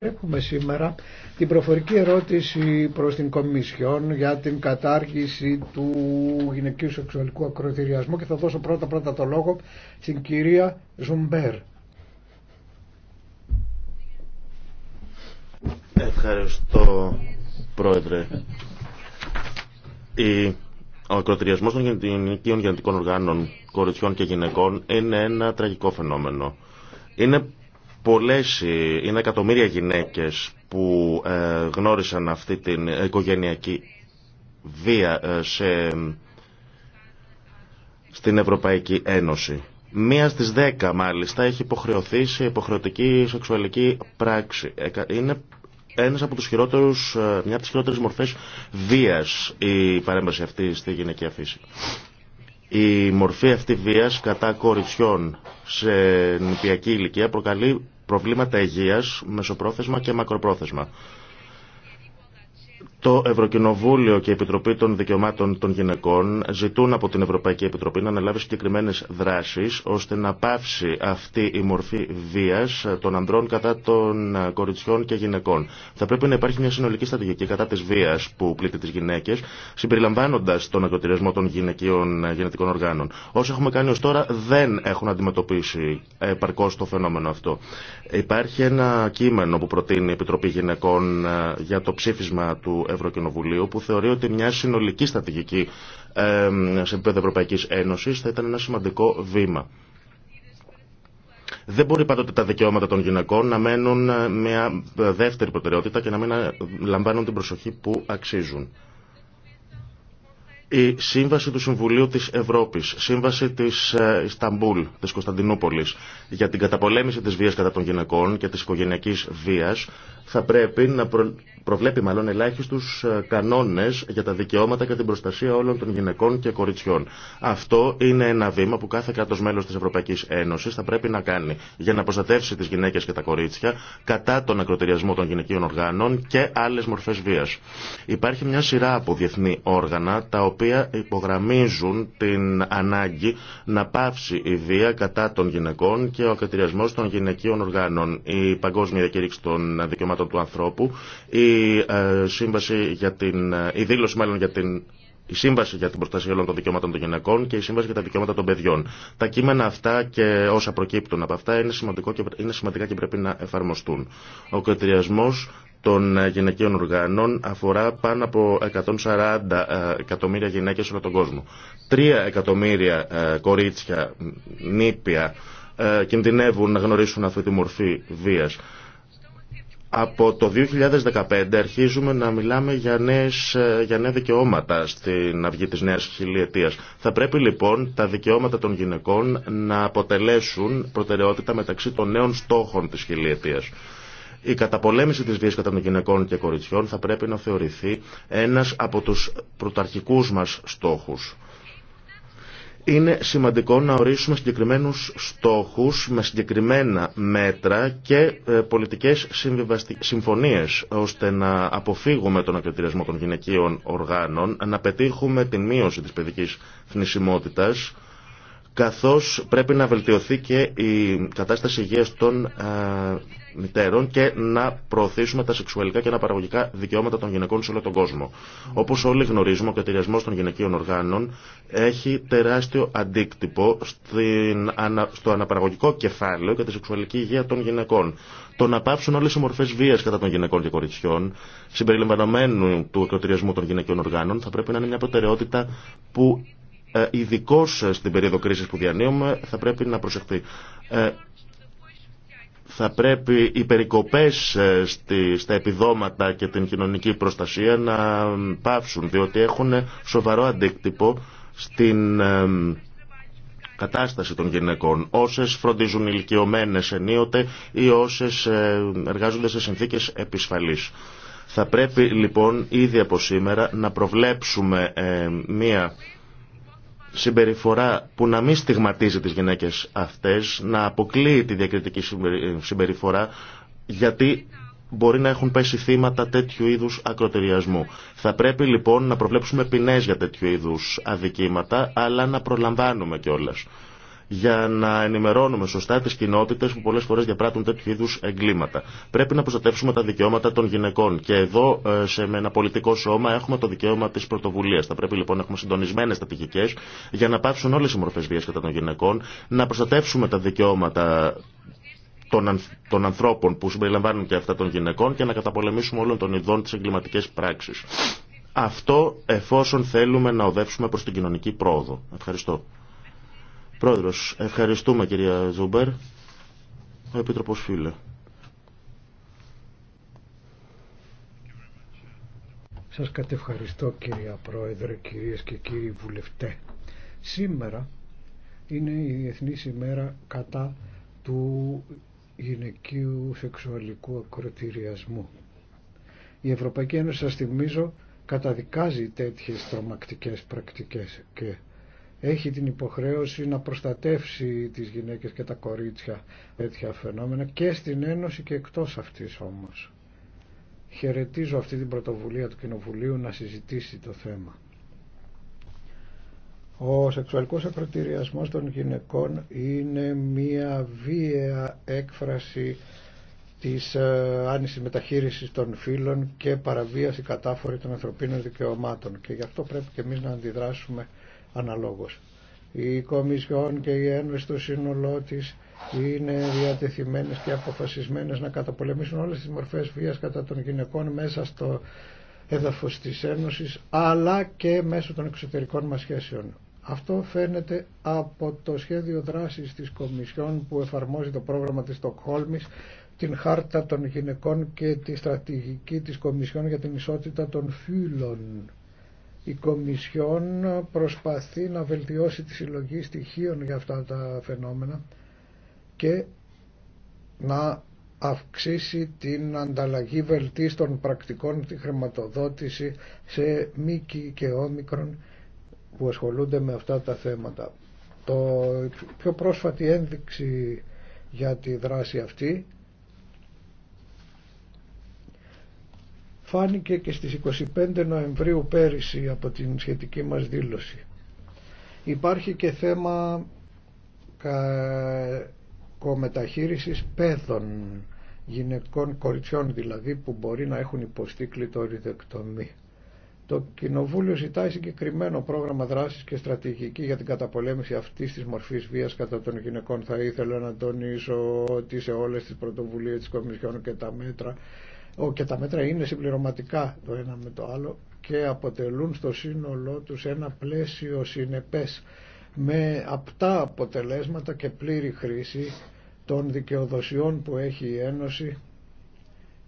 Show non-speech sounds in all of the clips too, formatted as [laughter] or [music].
Έχουμε σήμερα την προφορική ερώτηση προς την Κομισιόν για την κατάργηση του γυναικείου σεξουαλικού ακροτηριασμού και θα δώσω πρώτα πρώτα το λόγο στην κυρία Ζουμπέρ. Ευχαριστώ Πρόεδρε. Η... Ο ακροτηριασμός των γενικών γενετικών οργάνων κοριτσιών και γυναικών είναι ένα τραγικό φαινόμενο. Είναι πολλές ε, είναι εκατομμύρια γυναίκες που ε, γνώρισαν αυτή την οικογενειακή βία ε, σε, στην Ευρωπαϊκή Ένωση. Μία στις δέκα μάλιστα έχει υποχρεωθεί σε υποχρεωτική σεξουαλική πράξη. Είναι ένας από τους χειρότερους, μια από τις χειρότερες μορφές βίας η παρέμβαση αυτή στη γυναικεία φύση. Η μορφή αυτή βίας κατά κοριτσιών σε νηπιακή ηλικία προκαλεί προβλήματα υγείας, μεσοπρόθεσμα και μακροπρόθεσμα. Το Ευρωκοινοβούλιο και η Επιτροπή των Δικαιωμάτων των Γυναικών ζητούν από την Ευρωπαϊκή Επιτροπή να αναλάβει συγκεκριμένε δράσει ώστε να πάυσει αυτή η μορφή βία των ανδρών κατά των κοριτσιών και γυναικών. Θα πρέπει να υπάρχει μια συνολική στρατηγική κατά τη βία που πλήττει τι γυναίκε, συμπεριλαμβάνοντα τον ακροτηριασμό των γυναικείων γενετικών οργάνων. Όσοι έχουμε κάνει ω τώρα δεν έχουν αντιμετωπίσει επαρκώ το φαινόμενο αυτό. Υπάρχει ένα κείμενο που προτείνει η Επιτροπή Γυναικών ε, για το ψήφισμα του Ευρωκοινοβουλίου που θεωρεί ότι μια συνολική στρατηγική σε επίπεδο Ευρωπαϊκή Ένωση θα ήταν ένα σημαντικό βήμα. Δεν μπορεί πάντοτε τα δικαιώματα των γυναικών να μένουν ε, μια δεύτερη προτεραιότητα και να μην ε, λαμβάνουν την προσοχή που αξίζουν η Σύμβαση του Συμβουλίου της Ευρώπης, Σύμβαση της ε, Ισταμπούλ, της Κωνσταντινούπολης, για την καταπολέμηση της βίας κατά των γυναικών και της οικογενειακής βίας, θα πρέπει να προ... προβλέπει μάλλον ελάχιστους ε, κανόνες για τα δικαιώματα και την προστασία όλων των γυναικών και κοριτσιών. Αυτό είναι ένα βήμα που κάθε κράτος μέλος της Ευρωπαϊκής Ένωσης θα πρέπει να κάνει για να προστατεύσει τις γυναίκες και τα κορίτσια κατά τον ακροτηριασμό των γυναικείων οργάνων και άλλες μορφές βίας. Υπάρχει μια σειρά από διεθνή όργανα τα οποία υπογραμμίζουν την ανάγκη να πάυσει η βία κατά των γυναικών και ο ακατηριασμό των γυναικείων οργάνων. Η Παγκόσμια Διακήρυξη των Δικαιωμάτων του Ανθρώπου, η, ε, σύμβαση για την, ε, η δήλωση μάλλον για την η Σύμβαση για την Προστασία όλων των Δικαιωμάτων των Γυναικών και η Σύμβαση για τα Δικαιώματα των Παιδιών. Τα κείμενα αυτά και όσα προκύπτουν από αυτά είναι, σημαντικό και, είναι σημαντικά και πρέπει να εφαρμοστούν. Ο κριτηριασμό των ε, γυναικείων οργάνων αφορά πάνω από 140 ε, εκατομμύρια γυναίκες όλο τον κόσμο. Τρία εκατομμύρια ε, κορίτσια, νήπια, κινδυνεύουν να γνωρίσουν αυτή τη μορφή βίας. Από το 2015 αρχίζουμε να μιλάμε για, νέες, για νέα δικαιώματα στην αυγή της νέας χιλιετίας. Θα πρέπει λοιπόν τα δικαιώματα των γυναικών να αποτελέσουν προτεραιότητα μεταξύ των νέων στόχων της χιλιετίας. Η καταπολέμηση της βίας κατά των γυναικών και κοριτσιών θα πρέπει να θεωρηθεί ένας από τους πρωταρχικούς μας στόχους. Είναι σημαντικό να ορίσουμε συγκεκριμένους στόχους με συγκεκριμένα μέτρα και ε, πολιτικές συμφωνίες ώστε να αποφύγουμε τον ακριτηριασμό των γυναικείων οργάνων, να πετύχουμε την μείωση της παιδικής θνησιμότητας καθώς πρέπει να βελτιωθεί και η κατάσταση υγείας των ε, μητέρων και να προωθήσουμε τα σεξουαλικά και αναπαραγωγικά δικαιώματα των γυναικών σε όλο τον κόσμο. Όπως όλοι γνωρίζουμε, ο κατηριασμός των γυναικείων οργάνων έχει τεράστιο αντίκτυπο στο αναπαραγωγικό κεφάλαιο και τη σεξουαλική υγεία των γυναικών. Το να πάψουν όλες οι μορφές βίας κατά των γυναικών και κοριτσιών, συμπεριλαμβανομένου του εκτοτηριασμού των γυναικείων οργάνων, θα πρέπει να είναι μια προτεραιότητα που ε, ειδικό ε, στην περίοδο κρίσης που διανύουμε θα πρέπει να προσεχθεί. Ε, θα πρέπει οι περικοπές στα επιδόματα και την κοινωνική προστασία να πάψουν διότι έχουν σοβαρό αντίκτυπο στην κατάσταση των γυναικών. Όσες φροντίζουν ηλικιωμένες ενίοτε ή όσες εργάζονται σε συνθήκες επισφαλής. Θα πρέπει λοιπόν ήδη από σήμερα να προβλέψουμε μία συμπεριφορά που να μην στιγματίζει τις γυναίκες αυτές, να αποκλείει τη διακριτική συμπεριφορά, γιατί μπορεί να έχουν πέσει θύματα τέτοιου είδους ακροτεριασμού. Θα πρέπει λοιπόν να προβλέψουμε ποινές για τέτοιου είδους αδικήματα, αλλά να προλαμβάνουμε κιόλας για να ενημερώνουμε σωστά τι κοινότητε που πολλέ φορέ διαπράττουν τέτοιου είδου εγκλήματα. Πρέπει να προστατεύσουμε τα δικαιώματα των γυναικών. Και εδώ, ε, σε ένα πολιτικό σώμα, έχουμε το δικαίωμα τη πρωτοβουλία. Θα πρέπει λοιπόν να έχουμε συντονισμένε στρατηγικέ για να πάψουν όλε οι μορφέ βία κατά των γυναικών, να προστατεύσουμε τα δικαιώματα των, ανθρώπων που συμπεριλαμβάνουν και αυτά των γυναικών και να καταπολεμήσουμε όλων των ειδών τι εγκληματικέ πράξει. Αυτό εφόσον θέλουμε να οδεύσουμε προς την κοινωνική πρόοδο. Ευχαριστώ. Πρόεδρος, ευχαριστούμε κυρία Ζούμπερ. Ο Επίτροπος Φίλε. Σας κατευχαριστώ κυρία Πρόεδρε, κυρίες και κύριοι βουλευτέ. Σήμερα είναι η Εθνή ημέρα κατά του γυναικείου σεξουαλικού ακροτηριασμού. Η Ευρωπαϊκή Ένωση, σας θυμίζω, καταδικάζει τέτοιες τρομακτικές πρακτικές και έχει την υποχρέωση να προστατεύσει τις γυναίκες και τα κορίτσια τέτοια φαινόμενα και στην Ένωση και εκτός αυτής όμως. Χαιρετίζω αυτή την πρωτοβουλία του Κοινοβουλίου να συζητήσει το θέμα. Ο σεξουαλικός ακροτηριασμός των γυναικών είναι μία βία έκφραση της ε, άνησης μεταχείρισης των φύλων και παραβίαση κατάφορη των ανθρωπίνων δικαιωμάτων και γι' αυτό πρέπει και εμείς να αντιδράσουμε αναλόγως. Η Κομισιόν και η Ένωση στο σύνολό τη είναι διατεθειμένες και αποφασισμένες να καταπολεμήσουν όλες τις μορφές βίας κατά των γυναικών μέσα στο έδαφος της Ένωσης αλλά και μέσω των εξωτερικών μας σχέσεων. Αυτό φαίνεται από το σχέδιο δράσης της Κομισιόν που εφαρμόζει το πρόγραμμα της Στοκχόλμης, την χάρτα των γυναικών και τη στρατηγική της Κομισιόν για την ισότητα των φύλων. Η Κομισιόν προσπαθεί να βελτιώσει τη συλλογή στοιχείων για αυτά τα φαινόμενα και να αυξήσει την ανταλλαγή βελτίστων πρακτικών τη χρηματοδότηση σε μήκη και όμικρον που ασχολούνται με αυτά τα θέματα. Το πιο πρόσφατη ένδειξη για τη δράση αυτή φάνηκε και στις 25 Νοεμβρίου πέρυσι από την σχετική μας δήλωση. Υπάρχει και θέμα κομεταχείρισης παιδών, γυναικών κοριτσιών δηλαδή που μπορεί να έχουν υποστεί κλειτοριδεκτομή. Το Κοινοβούλιο ζητάει συγκεκριμένο πρόγραμμα δράσης και στρατηγική για την καταπολέμηση αυτής της μορφής βίας κατά των γυναικών. Θα ήθελα να τονίσω ότι σε όλες τις πρωτοβουλίες της Κομισιόν και τα μέτρα και τα μέτρα είναι συμπληρωματικά το ένα με το άλλο και αποτελούν στο σύνολό τους ένα πλαίσιο συνεπές με απτά αποτελέσματα και πλήρη χρήση των δικαιοδοσιών που έχει η Ένωση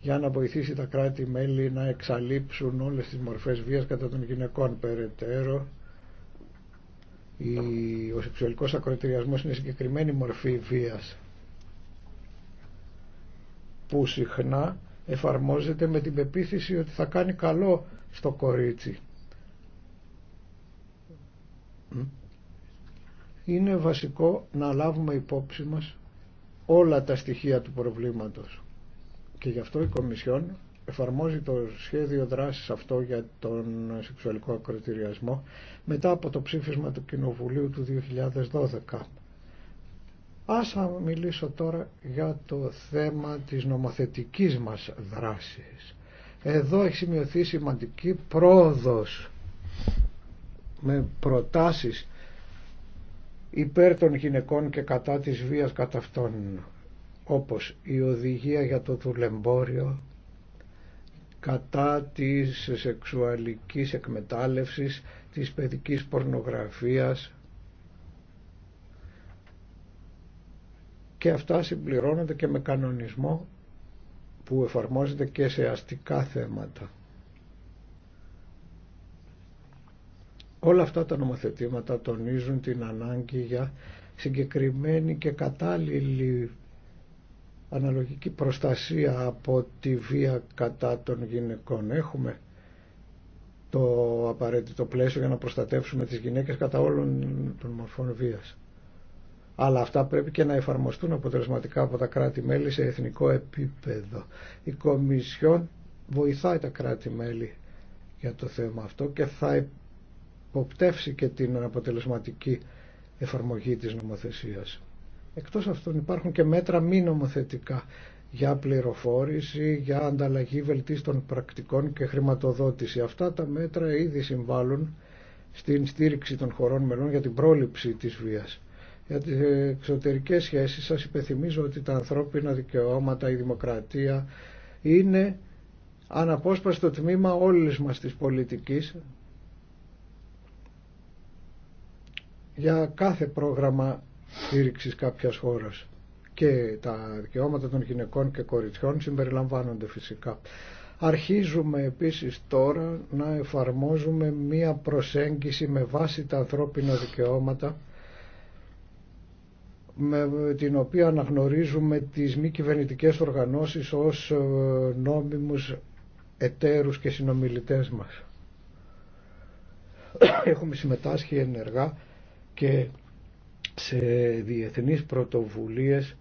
για να βοηθήσει τα κράτη-μέλη να εξαλείψουν όλες τις μορφές βίας κατά των γυναικών περαιτέρω. Ο σεξουαλικός ακροτηριασμός είναι συγκεκριμένη μορφή βίας που συχνά εφαρμόζεται με την πεποίθηση ότι θα κάνει καλό στο κορίτσι. Είναι βασικό να λάβουμε υπόψη μας όλα τα στοιχεία του προβλήματος και γι' αυτό η Κομισιόν εφαρμόζει το σχέδιο δράσης αυτό για τον σεξουαλικό ακροτηριασμό μετά από το ψήφισμα του Κοινοβουλίου του 2012. Ας μιλήσω τώρα για το θέμα της νομοθετικής μας δράσης. Εδώ έχει σημειωθεί σημαντική πρόοδος με προτάσεις υπέρ των γυναικών και κατά της βίας κατά αυτών όπως η οδηγία για το δουλεμπόριο κατά της σεξουαλικής εκμετάλλευσης, της παιδικής πορνογραφίας και αυτά συμπληρώνονται και με κανονισμό που εφαρμόζεται και σε αστικά θέματα. Όλα αυτά τα νομοθετήματα τονίζουν την ανάγκη για συγκεκριμένη και κατάλληλη αναλογική προστασία από τη βία κατά των γυναικών. Έχουμε το απαραίτητο πλαίσιο για να προστατεύσουμε τις γυναίκες κατά όλων των μορφών βίας αλλά αυτά πρέπει και να εφαρμοστούν αποτελεσματικά από τα κράτη-μέλη σε εθνικό επίπεδο. Η Κομισιόν βοηθάει τα κράτη-μέλη για το θέμα αυτό και θα υποπτεύσει και την αποτελεσματική εφαρμογή της νομοθεσίας. Εκτός αυτών υπάρχουν και μέτρα μη νομοθετικά για πληροφόρηση, για ανταλλαγή βελτίστων πρακτικών και χρηματοδότηση. Αυτά τα μέτρα ήδη συμβάλλουν στην στήριξη των χωρών μελών για την πρόληψη της βίας. Για τι εξωτερικέ σχέσει σα υπενθυμίζω ότι τα ανθρώπινα δικαιώματα, η δημοκρατία είναι αναπόσπαστο τμήμα όλης μας της πολιτικής για κάθε πρόγραμμα στήριξης κάποιας χώρας και τα δικαιώματα των γυναικών και κοριτσιών συμπεριλαμβάνονται φυσικά. Αρχίζουμε επίσης τώρα να εφαρμόζουμε μία προσέγγιση με βάση τα ανθρώπινα δικαιώματα με την οποία αναγνωρίζουμε τις μη κυβερνητικές οργανώσεις ως ε, νόμιμους εταίρους και συνομιλητές μας. [coughs] Έχουμε συμμετάσχει ενεργά και σε διεθνείς πρωτοβουλίες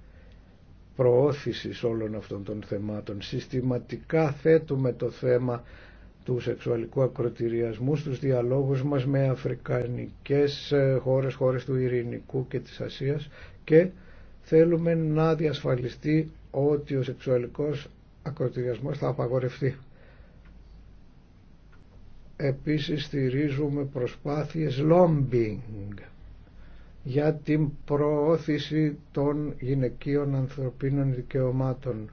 προώθησης όλων αυτών των θεμάτων. Συστηματικά θέτουμε το θέμα του σεξουαλικού ακροτηριασμού στους διαλόγους μας με αφρικανικές ε, χώρες, χώρες του Ειρηνικού και της Ασίας και θέλουμε να διασφαλιστεί ότι ο σεξουαλικός ακροτηριασμός θα απαγορευτεί. Επίσης στηρίζουμε προσπάθειες lobbying για την προώθηση των γυναικείων ανθρωπίνων δικαιωμάτων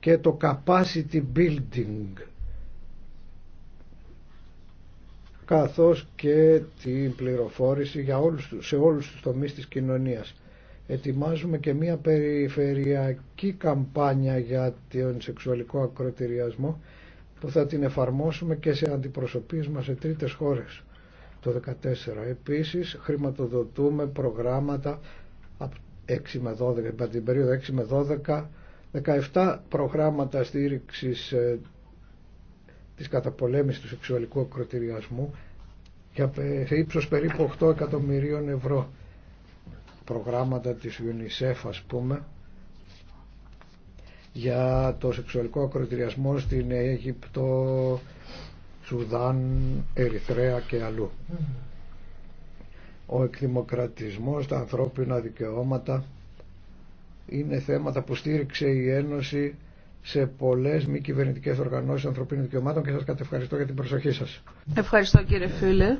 και το capacity building καθώς και την πληροφόρηση για όλους, σε όλους τους τομείς της κοινωνίας ετοιμάζουμε και μια περιφερειακή καμπάνια για τον σεξουαλικό ακροτηριασμό που θα την εφαρμόσουμε και σε αντιπροσωπείες μας σε τρίτες χώρες το 2014. Επίσης χρηματοδοτούμε προγράμματα από 6 με 12, την περίοδο 6 με 12, 17 προγράμματα στήριξης ε, της καταπολέμησης του σεξουαλικού ακροτηριασμού για, ε, σε ύψος περίπου 8 εκατομμυρίων ευρώ προγράμματα της UNICEF ας πούμε για το σεξουαλικό ακροτηριασμό στην Αίγυπτο, Σουδάν, Ερυθρέα και αλλού. Ο εκδημοκρατισμός, τα ανθρώπινα δικαιώματα είναι θέματα που στήριξε η Ένωση σε πολλές μη κυβερνητικές οργανώσεις ανθρωπίνων δικαιωμάτων και σας κατευχαριστώ για την προσοχή σας. Ευχαριστώ κύριε Φίλε.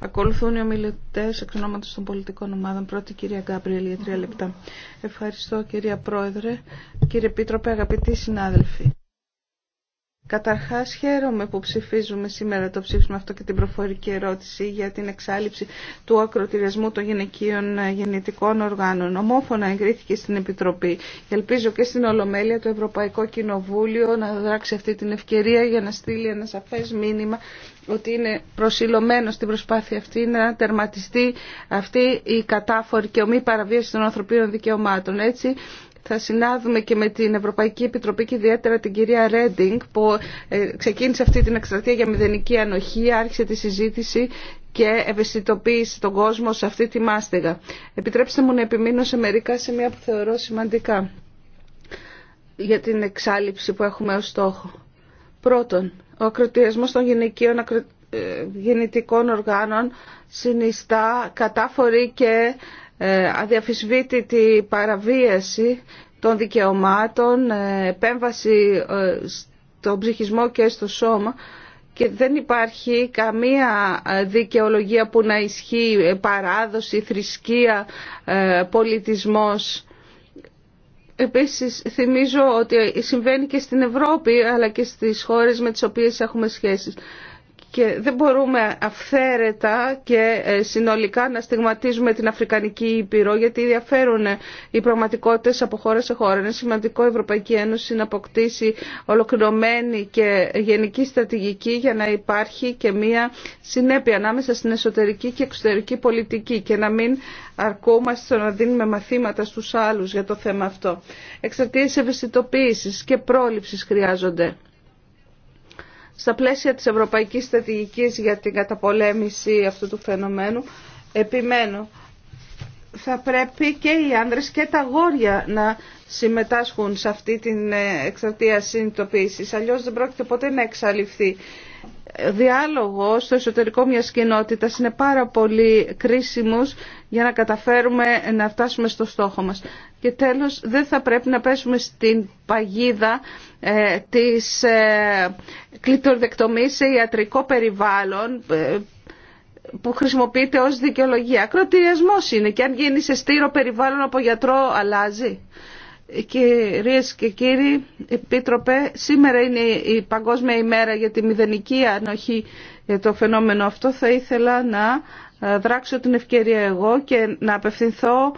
Ακολουθούν οι ομιλητέ εξ ονόματο των πολιτικών ομάδων. Πρώτη κυρία Γκάμπριελ για τρία λεπτά. Ευχαριστώ κυρία Πρόεδρε, κύριε Επίτροπε, αγαπητοί συνάδελφοι. καταρχά χαίρομαι που ψηφίζουμε σήμερα το ψήφισμα αυτό και την προφορική ερώτηση για την εξάλληψη του ακροτηριασμού των γυναικείων γεννητικών οργάνων. Ομόφωνα εγκρίθηκε στην Επιτροπή ελπίζω και στην Ολομέλεια το Ευρωπαϊκό Κοινοβούλιο να δράξει αυτή την ευκαιρία για να στείλει ένα σαφέ μήνυμα ότι είναι προσιλωμένο στην προσπάθεια αυτή να τερματιστεί αυτή η κατάφορη και ομή παραβίαση των ανθρωπίνων δικαιωμάτων. Έτσι θα συνάδουμε και με την Ευρωπαϊκή Επιτροπή και ιδιαίτερα την κυρία Ρέντινγκ που ε, ξεκίνησε αυτή την εκστρατεία για μηδενική ανοχή, άρχισε τη συζήτηση και ευαισθητοποίησε τον κόσμο σε αυτή τη μάστεγα. Επιτρέψτε μου να επιμείνω σε μερικά σημεία που θεωρώ σημαντικά για την εξάλληψη που έχουμε ως στόχο. Πρώτον, ο ακροτηριασμός των γυναικείων ε, γεννητικών οργάνων συνιστά κατάφορη και ε, αδιαφυσβήτητη παραβίαση των δικαιωμάτων, ε, επέμβαση στον ψυχισμό και στο σώμα και δεν υπάρχει καμία δικαιολογία που να ισχύει παράδοση, θρησκεία, πολιτισμός Επίσης θυμίζω ότι συμβαίνει και στην Ευρώπη αλλά και στις χώρες με τις οποίες έχουμε σχέσεις και δεν μπορούμε αυθαίρετα και ε, συνολικά να στιγματίζουμε την Αφρικανική Ήπειρο γιατί διαφέρουν ε, οι πραγματικότητες από χώρα σε χώρα. Είναι σημαντικό η Ευρωπαϊκή Ένωση να αποκτήσει ολοκληρωμένη και γενική στρατηγική για να υπάρχει και μία συνέπεια ανάμεσα στην εσωτερική και εξωτερική πολιτική και να μην αρκούμαστε να δίνουμε μαθήματα στους άλλους για το θέμα αυτό. Εξαρτήσεις ευαισθητοποίησης και πρόληψης χρειάζονται στα πλαίσια της Ευρωπαϊκής Στρατηγικής για την καταπολέμηση αυτού του φαινομένου, επιμένω, θα πρέπει και οι άνδρες και τα γόρια να συμμετάσχουν σε αυτή την εξαρτία συνειδητοποίησης. Αλλιώς δεν πρόκειται ποτέ να εξαλειφθεί διάλογο στο εσωτερικό μιας κοινότητας είναι πάρα πολύ κρίσιμος για να καταφέρουμε να φτάσουμε στο στόχο μας. Και τέλος, δεν θα πρέπει να πέσουμε στην παγίδα ε, της ε, σε ιατρικό περιβάλλον ε, που χρησιμοποιείται ως δικαιολογία. Ακροτηριασμός είναι και αν γίνει σε στήρο περιβάλλον από γιατρό αλλάζει. Κυρίε και κύριοι, Επίτροπε, σήμερα είναι η Παγκόσμια ημέρα για τη μηδενική ανοχή για το φαινόμενο αυτό. Θα ήθελα να δράξω την ευκαιρία εγώ και να απευθυνθώ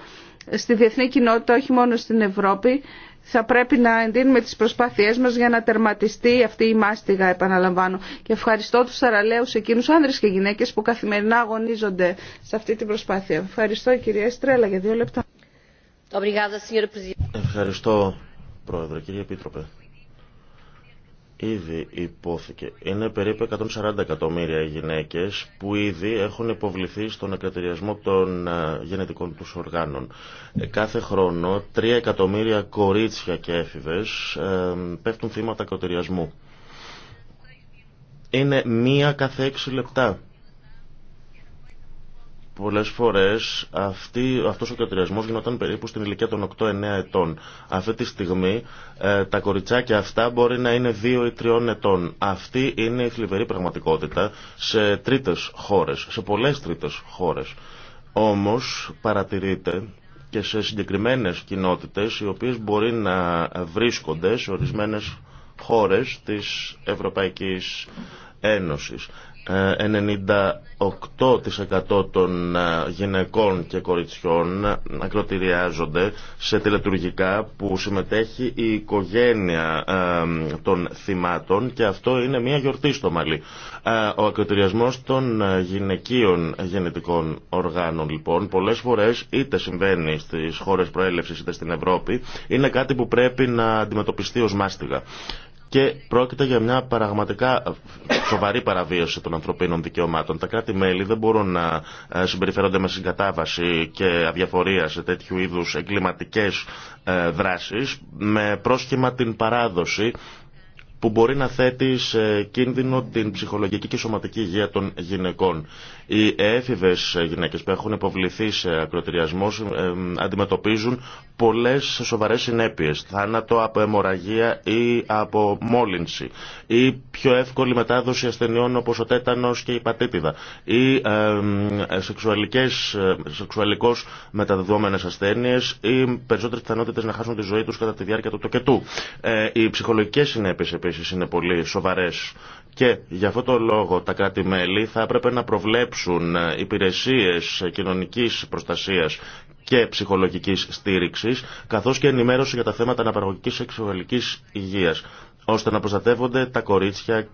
στη διεθνή κοινότητα, όχι μόνο στην Ευρώπη. Θα πρέπει να εντείνουμε τις προσπάθειές μας για να τερματιστεί αυτή η μάστιγα, επαναλαμβάνω. Και ευχαριστώ τους αραλέους εκείνους άνδρες και γυναίκες που καθημερινά αγωνίζονται σε αυτή την προσπάθεια. Ευχαριστώ κυρία Στρέλα για δύο λεπτά. Ευχαριστώ, Πρόεδρε. Κύριε Επίτροπε, ήδη υπόθηκε. Είναι περίπου 140 εκατομμύρια οι γυναίκες που ήδη έχουν υποβληθεί στον εκατηριασμό των ε, γενετικών τους οργάνων. Ε, κάθε χρόνο 3 εκατομμύρια κορίτσια και έφηβες ε, πέφτουν θύματα εκατηριασμού. Είναι μία κάθε έξι λεπτά Πολλές φορές αυτή, αυτός ο κατηριασμός γινόταν περίπου στην ηλικία των 8-9 ετών. Αυτή τη στιγμή ε, τα κοριτσάκια αυτά μπορεί να είναι 2 ή 3 ετών. Αυτή είναι η θλιβερή πραγματικότητα σε τρίτες χώρες, σε πολλές τρίτες χώρες. Όμως παρατηρείται και σε συγκεκριμένες κοινότητες οι οποίες μπορεί να βρίσκονται σε ορισμένες χώρες της Ευρωπαϊκής Ένωσης. 98% ε, των ε, γυναικών και κοριτσιών ακροτηριάζονται σε τηλετουργικά που συμμετέχει η οικογένεια ε, των θυμάτων και αυτό είναι μια γιορτή στο Μαλί. Ο ακροτηριασμός των γυναικείων γενετικών οργάνων λοιπόν πολλές φορές είτε συμβαίνει στις χώρες προέλευσης είτε στην Ευρώπη είναι κάτι που πρέπει να αντιμετωπιστεί ως μάστιγα και πρόκειται για μια πραγματικά σοβαρή παραβίαση των ανθρωπίνων δικαιωμάτων. Τα κράτη-μέλη δεν μπορούν να ε, συμπεριφέρονται με συγκατάβαση και αδιαφορία σε τέτοιου είδους εγκληματικές ε, δράσεις με πρόσχημα την παράδοση που μπορεί να θέτει σε κίνδυνο την ψυχολογική και σωματική υγεία των γυναικών. Οι έφηβες γυναίκες που έχουν υποβληθεί σε ακροτηριασμό ε, αντιμετωπίζουν πολλές σοβαρές συνέπειες, θάνατο από αιμορραγία ή από μόλυνση ή πιο εύκολη μετάδοση ασθενειών όπως ο τέτανος και η πατήτιδα ή ε, σεξουαλικές, σεξουαλικώς ασθένειες ή περισσότερες πιθανότητες να χάσουν τη ζωή τους κατά τη διάρκεια του τοκετού. Ε, οι ψυχολογικές συνέπειες επίσης είναι πολύ σοβαρές και για αυτό το λόγο τα κράτη-μέλη θα έπρεπε να προβλέψουν ε, υπηρεσίες κοινωνικής προστασίας και ψυχολογικής στήριξης, καθώς και ενημέρωση για τα θέματα αναπαραγωγικής σεξουαλικής υγείας, ώστε να προστατεύονται τα κορίτσια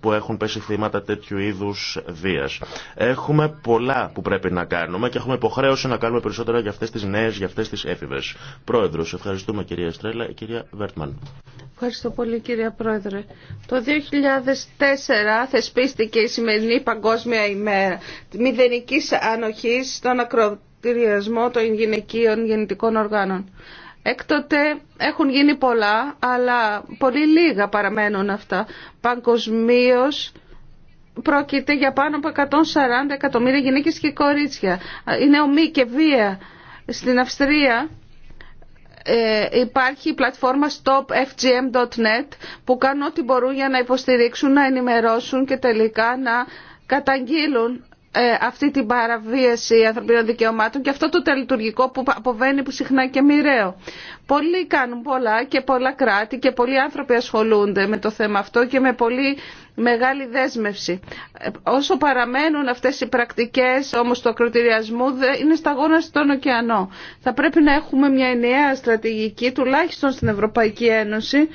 που έχουν πέσει θύματα τέτοιου είδου βία. Έχουμε πολλά που πρέπει να κάνουμε και έχουμε υποχρέωση να κάνουμε περισσότερα για αυτέ τι νέε, για αυτέ τι έφηβε. Πρόεδρο, ευχαριστούμε κυρία Στρέλα και κυρία Βέρτμαν. Ευχαριστώ πολύ κυρία Πρόεδρε. Το 2004 θεσπίστηκε η σημερινή Παγκόσμια ημέρα μηδενική ανοχή των ακροτών των γυναικείων γεννητικών οργάνων. Έκτοτε έχουν γίνει πολλά, αλλά πολύ λίγα παραμένουν αυτά. Παγκοσμίω πρόκειται για πάνω από 140 εκατομμύρια γυναίκες και κορίτσια. Είναι ομοί και βία. Στην Αυστρία ε, υπάρχει η πλατφόρμα stopfgm.net που κάνουν ό,τι μπορούν για να υποστηρίξουν, να ενημερώσουν και τελικά να καταγγείλουν ε, αυτή την παραβίαση ανθρωπίνων δικαιωμάτων και αυτό το τελειτουργικό που αποβαίνει που συχνά και μοιραίο. Πολλοί κάνουν πολλά και πολλά κράτη και πολλοί άνθρωποι ασχολούνται με το θέμα αυτό και με πολύ μεγάλη δέσμευση. Ε, όσο παραμένουν αυτές οι πρακτικές όμως του ακροτηριασμού είναι σταγόνα στον ωκεανό. Θα πρέπει να έχουμε μια ενιαία στρατηγική τουλάχιστον στην Ευρωπαϊκή Ένωση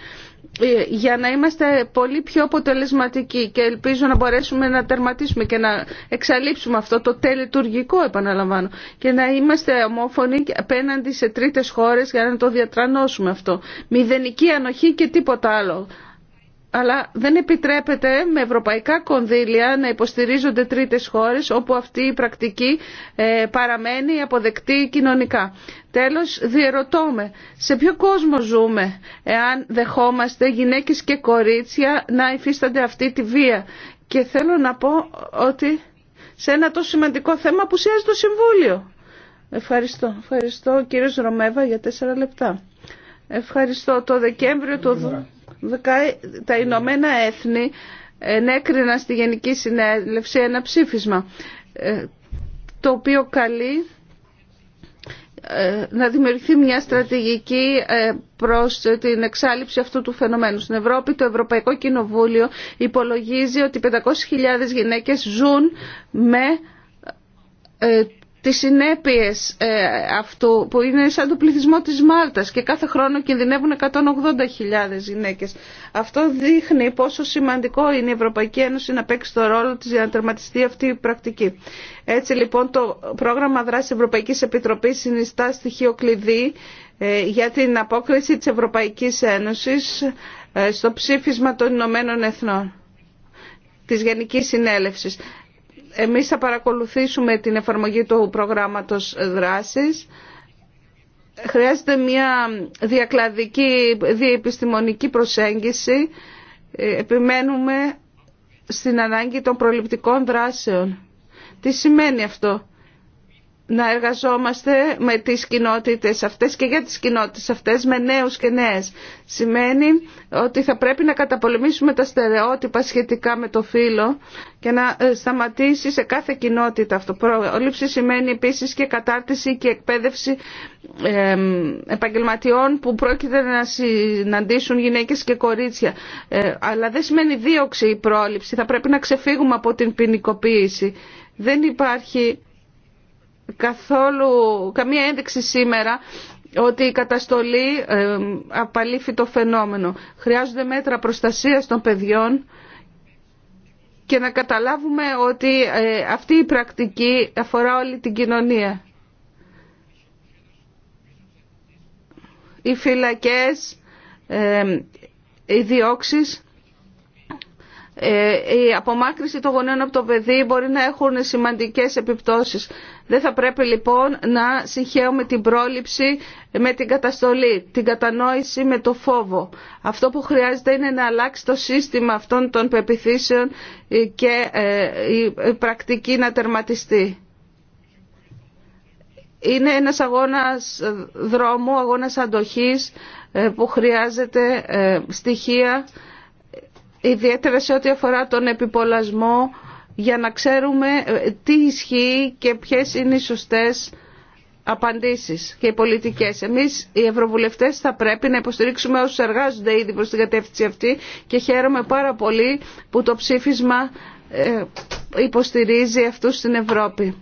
ε, για να είμαστε πολύ πιο αποτελεσματικοί και ελπίζω να μπορέσουμε να τερματίσουμε και να εξαλείψουμε αυτό το τελετουργικό επαναλαμβάνω και να είμαστε ομόφωνοι απέναντι σε τρίτες χώρες για να το διατρανώσουμε αυτό. Μηδενική ανοχή και τίποτα άλλο αλλά δεν επιτρέπεται με ευρωπαϊκά κονδύλια να υποστηρίζονται τρίτες χώρες όπου αυτή η πρακτική ε, παραμένει αποδεκτή κοινωνικά. Τέλος, διερωτώμε σε ποιο κόσμο ζούμε εάν δεχόμαστε γυναίκες και κορίτσια να υφίστανται αυτή τη βία. Και θέλω να πω ότι σε ένα τόσο σημαντικό θέμα που σιάζει το Συμβούλιο. Ευχαριστώ. Ευχαριστώ κύριος Ρωμέβα για τέσσερα λεπτά. Ευχαριστώ. Το Δεκέμβριο του... Τα Ηνωμένα Έθνη ενέκριναν στη Γενική Συνέλευση ένα ψήφισμα ε, το οποίο καλεί ε, να δημιουργηθεί μια στρατηγική ε, προς την εξάλληψη αυτού του φαινομένου. Στην Ευρώπη το Ευρωπαϊκό Κοινοβούλιο υπολογίζει ότι 500.000 γυναίκες ζουν με τις συνέπειες ε, αυτού που είναι σαν το πληθυσμό της Μάλτας και κάθε χρόνο κινδυνεύουν 180.000 γυναίκες. Αυτό δείχνει πόσο σημαντικό είναι η Ευρωπαϊκή Ένωση να παίξει το ρόλο της για να τερματιστεί αυτή η πρακτική. Έτσι λοιπόν το πρόγραμμα δράση Ευρωπαϊκής Επιτροπής συνιστά στοιχείο κλειδί ε, για την απόκριση της Ευρωπαϊκής Ένωσης ε, στο ψήφισμα των Ηνωμένων Εθνών της Γενικής Συνέλευσης. Εμείς θα παρακολουθήσουμε την εφαρμογή του προγράμματος δράσης. Χρειάζεται μια διακλαδική, διεπιστημονική προσέγγιση. Ε, επιμένουμε στην ανάγκη των προληπτικών δράσεων. Τι σημαίνει αυτό να εργαζόμαστε με τις κοινότητες αυτές και για τις κοινότητες αυτές με νέους και νέες. Σημαίνει ότι θα πρέπει να καταπολεμήσουμε τα στερεότυπα σχετικά με το φύλλο και να ε, σταματήσει σε κάθε κοινότητα αυτό. Πρόληψη σημαίνει επίσης και κατάρτιση και εκπαίδευση επαγγελματιών που πρόκειται να συναντήσουν γυναίκες και κορίτσια. Ε, αλλά δεν σημαίνει δίωξη η πρόληψη. Θα πρέπει να ξεφύγουμε από την ποινικοποίηση. Δεν υπάρχει καθόλου, καμία ένδειξη σήμερα ότι η καταστολή ε, απαλήφει το φαινόμενο. Χρειάζονται μέτρα προστασίας των παιδιών και να καταλάβουμε ότι ε, αυτή η πρακτική αφορά όλη την κοινωνία. Οι φυλακές, ε, οι διώξεις ε, η απομάκρυση των γονέων από το παιδί μπορεί να έχουν σημαντικές επιπτώσεις. Δεν θα πρέπει λοιπόν να συγχαίουμε την πρόληψη με την καταστολή, την κατανόηση με το φόβο. Αυτό που χρειάζεται είναι να αλλάξει το σύστημα αυτών των πεπιθήσεων ε, και ε, η πρακτική να τερματιστεί. Είναι ένας αγώνας δρόμου, αγώνας αντοχής που χρειάζεται στοιχεία ιδιαίτερα σε ό,τι αφορά τον επιπολασμό, για να ξέρουμε ε, τι ισχύει και ποιες είναι οι σωστές απαντήσεις και οι πολιτικές. Εμείς οι ευρωβουλευτές θα πρέπει να υποστηρίξουμε όσους εργάζονται ήδη προς την κατεύθυνση αυτή και χαίρομαι πάρα πολύ που το ψήφισμα ε, υποστηρίζει αυτούς στην Ευρώπη.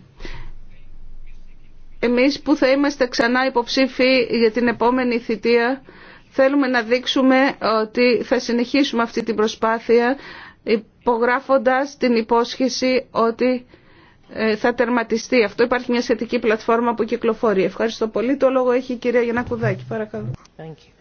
Εμείς που θα είμαστε ξανά υποψήφοι για την επόμενη θητεία Θέλουμε να δείξουμε ότι θα συνεχίσουμε αυτή την προσπάθεια υπογράφοντας την υπόσχεση ότι ε, θα τερματιστεί. Αυτό υπάρχει μια σχετική πλατφόρμα που κυκλοφορεί. Ευχαριστώ πολύ. Το λόγο έχει η κυρία Κουδάκη, Παρακαλώ. Thank you.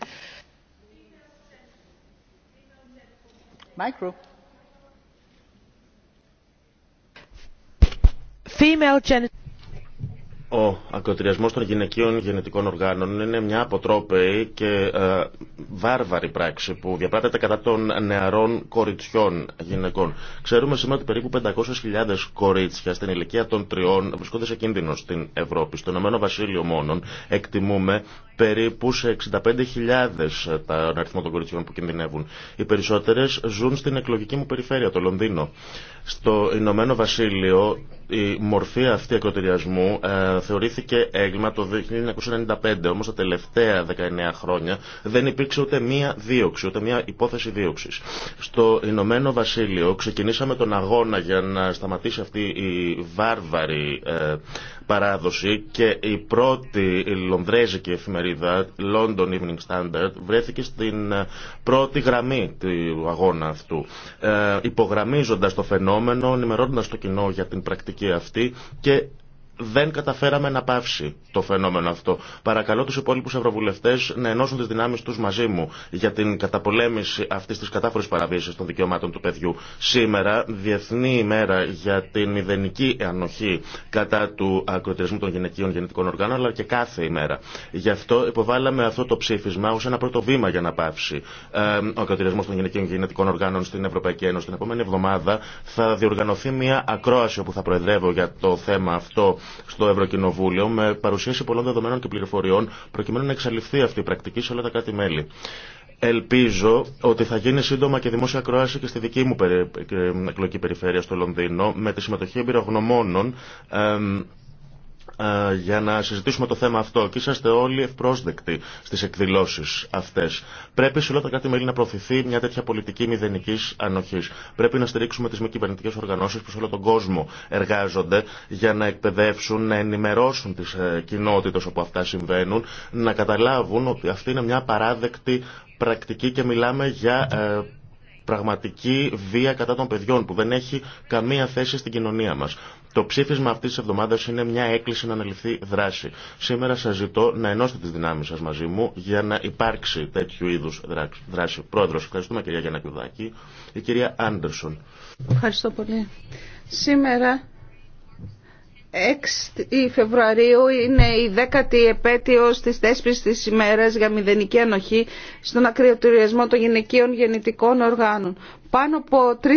Ο ακροτηριασμό των γυναικείων γενετικών οργάνων είναι μια αποτρόπαιη και ε, βάρβαρη πράξη που διαπράτεται κατά των νεαρών κοριτσιών γυναικών. Ξέρουμε σήμερα ότι περίπου 500.000 κορίτσια στην ηλικία των τριών βρισκόνται σε κίνδυνο στην Ευρώπη. Στον Ηνωμένο Βασίλειο μόνον εκτιμούμε περίπου σε 65.000 τα ε, αριθμό των κοριτσιών που κινδυνεύουν. Οι περισσότερε ζουν στην εκλογική μου περιφέρεια, το Λονδίνο. Στο Ηνωμένο Βασίλειο η μορφή αυτή ακροτηριασμού ε, θεωρήθηκε έγκλημα το 1995, όμως τα τελευταία 19 χρόνια δεν υπήρξε ούτε μία δίωξη, ούτε μία υπόθεση δίωξης. Στο Ηνωμένο Βασίλειο ξεκινήσαμε τον αγώνα για να σταματήσει αυτή η βάρβαρη ε, παράδοση και η πρώτη λονδρέζικη εφημερίδα, London Evening Standard, βρέθηκε στην ε, πρώτη γραμμή του αγώνα αυτού, ε, υπογραμμίζοντας το φαινόμενο, ενημερώνοντας το κοινό για την πρακτική αυτή και δεν καταφέραμε να πάυσει το φαινόμενο αυτό. Παρακαλώ του υπόλοιπου ευρωβουλευτέ να ενώσουν τι δυνάμει του μαζί μου για την καταπολέμηση αυτή τη κατάφορη παραβίαση των δικαιωμάτων του παιδιού. Σήμερα, Διεθνή ημέρα για την μηδενική ανοχή κατά του ακροτηρισμού των γυναικείων γενετικών οργάνων, αλλά και κάθε ημέρα. Γι' αυτό υποβάλαμε αυτό το ψήφισμα ω ένα πρώτο βήμα για να πάυσει ο ακροτηρισμό των γυναικείων γενετικών οργάνων στην Ευρωπαϊκή Ένωση. Την επόμενη εβδομάδα θα διοργανωθεί μια ακρόαση όπου θα προεδρεύω για το θέμα αυτό στο Ευρωκοινοβούλιο με παρουσίαση πολλών δεδομένων και πληροφοριών προκειμένου να εξαλειφθεί αυτή η πρακτική σε όλα τα κράτη-μέλη. Ελπίζω ότι θα γίνει σύντομα και δημόσια κρόαση και στη δική μου εκλογική περιφέρεια στο Λονδίνο με τη συμμετοχή εμπειρογνωμόνων ε, για να συζητήσουμε το θέμα αυτό και είσαστε όλοι ευπρόσδεκτοι στι εκδηλώσει αυτέ. Πρέπει σε όλα τα κράτη-μέλη να προωθηθεί μια τέτοια πολιτική μηδενική ανοχή. Πρέπει να στηρίξουμε τι μη κυβερνητικέ οργανώσει που σε όλο τον κόσμο εργάζονται για να εκπαιδεύσουν, να ενημερώσουν τι ε, κοινότητε όπου αυτά συμβαίνουν, να καταλάβουν ότι αυτή είναι μια παράδεκτη πρακτική και μιλάμε για ε, πραγματική βία κατά των παιδιών που δεν έχει καμία θέση στην κοινωνία μας. Το ψήφισμα αυτή τη εβδομάδα είναι μια έκκληση να αναλυθεί δράση. Σήμερα σα ζητώ να ενώσετε τι δυνάμει σα μαζί μου για να υπάρξει τέτοιου είδου δράση. Πρόεδρο, ευχαριστούμε κυρία Γιανακουδάκη. Η κυρία Άντερσον. Ευχαριστώ πολύ. Σήμερα 6 Φεβρουαρίου είναι η δέκατη επέτειος της θέσπισης της ημέρας για μηδενική ανοχή στον ακριοτηριασμό των γυναικείων γεννητικών οργάνων. Πάνω από 3.000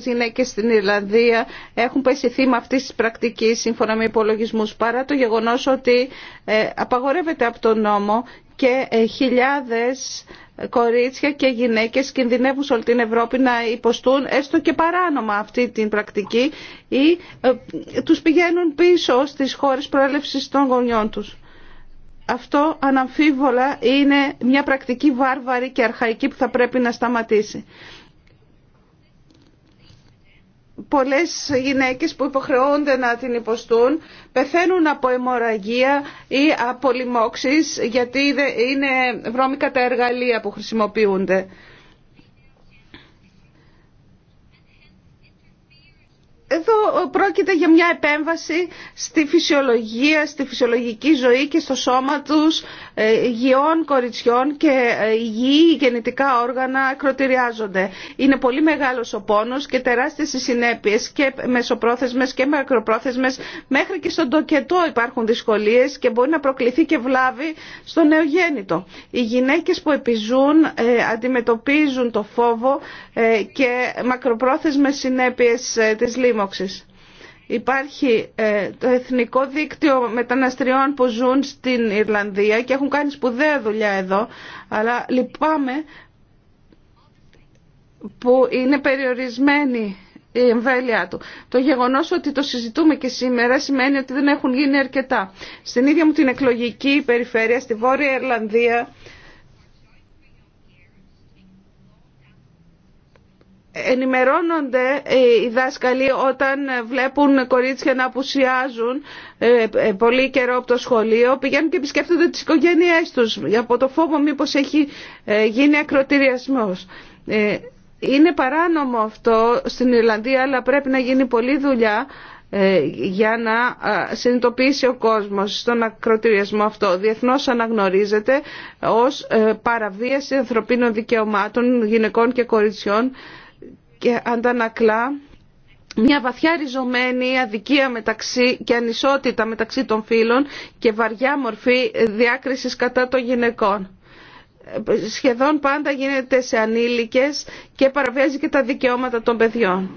γυναίκες στην Ιρλανδία έχουν πέσει θύμα αυτής της πρακτικής σύμφωνα με υπολογισμούς παρά το γεγονός ότι ε, απαγορεύεται από τον νόμο και ε, χιλιάδες κορίτσια και γυναίκες κινδυνεύουν σε όλη την Ευρώπη να υποστούν έστω και παράνομα αυτή την πρακτική ή ε, τους πηγαίνουν πίσω στις χώρες προέλευσης των γονιών τους. Αυτό αναμφίβολα είναι μια πρακτική βάρβαρη και αρχαϊκή που θα πρέπει να σταματήσει πολλές γυναίκες που υποχρεώνται να την υποστούν πεθαίνουν από αιμορραγία ή από λοιμώξεις γιατί είναι βρώμικα τα εργαλεία που χρησιμοποιούνται. Εδώ πρόκειται για μια επέμβαση στη φυσιολογία, στη φυσιολογική ζωή και στο σώμα τους ε, γιών κοριτσιών και ε, υγιή γεννητικά όργανα ακροτηριάζονται. Είναι πολύ μεγάλος ο πόνος και τεράστιες οι συνέπειες και μεσοπρόθεσμες και μακροπρόθεσμες. Μέχρι και στον τοκετό υπάρχουν δυσκολίες και μπορεί να προκληθεί και βλάβη στο νεογέννητο. Οι γυναίκες που επιζούν ε, αντιμετωπίζουν το φόβο και μακροπρόθεσμες συνέπειες της λίμωξης. Υπάρχει ε, το Εθνικό Δίκτυο Μεταναστριών που ζουν στην Ιρλανδία και έχουν κάνει σπουδαία δουλειά εδώ, αλλά λυπάμαι που είναι περιορισμένη η εμβέλειά του. Το γεγονός ότι το συζητούμε και σήμερα σημαίνει ότι δεν έχουν γίνει αρκετά. Στην ίδια μου την εκλογική περιφέρεια, στη Βόρεια Ιρλανδία, ενημερώνονται ε, οι δάσκαλοι όταν βλέπουν κορίτσια να απουσιάζουν ε, ε, πολύ καιρό από το σχολείο, πηγαίνουν και επισκέφτονται τις οικογένειές τους από το φόβο μήπως έχει γίνει ακροτηριασμός. Είναι παράνομο αυτό στην Ιρλανδία, αλλά πρέπει να γίνει πολλή δουλειά για να συνειδητοποιήσει ο κόσμος στον ακροτηριασμό αυτό. Διεθνώς αναγνωρίζεται ως παραβίαση ανθρωπίνων δικαιωμάτων γυναικών και κοριτσιών και αντανακλά μια βαθιά ριζωμένη αδικία μεταξύ και ανισότητα μεταξύ των φίλων και βαριά μορφή διάκρισης κατά των γυναικών. Σχεδόν πάντα γίνεται σε ανήλικες και παραβιάζει και τα δικαιώματα των παιδιών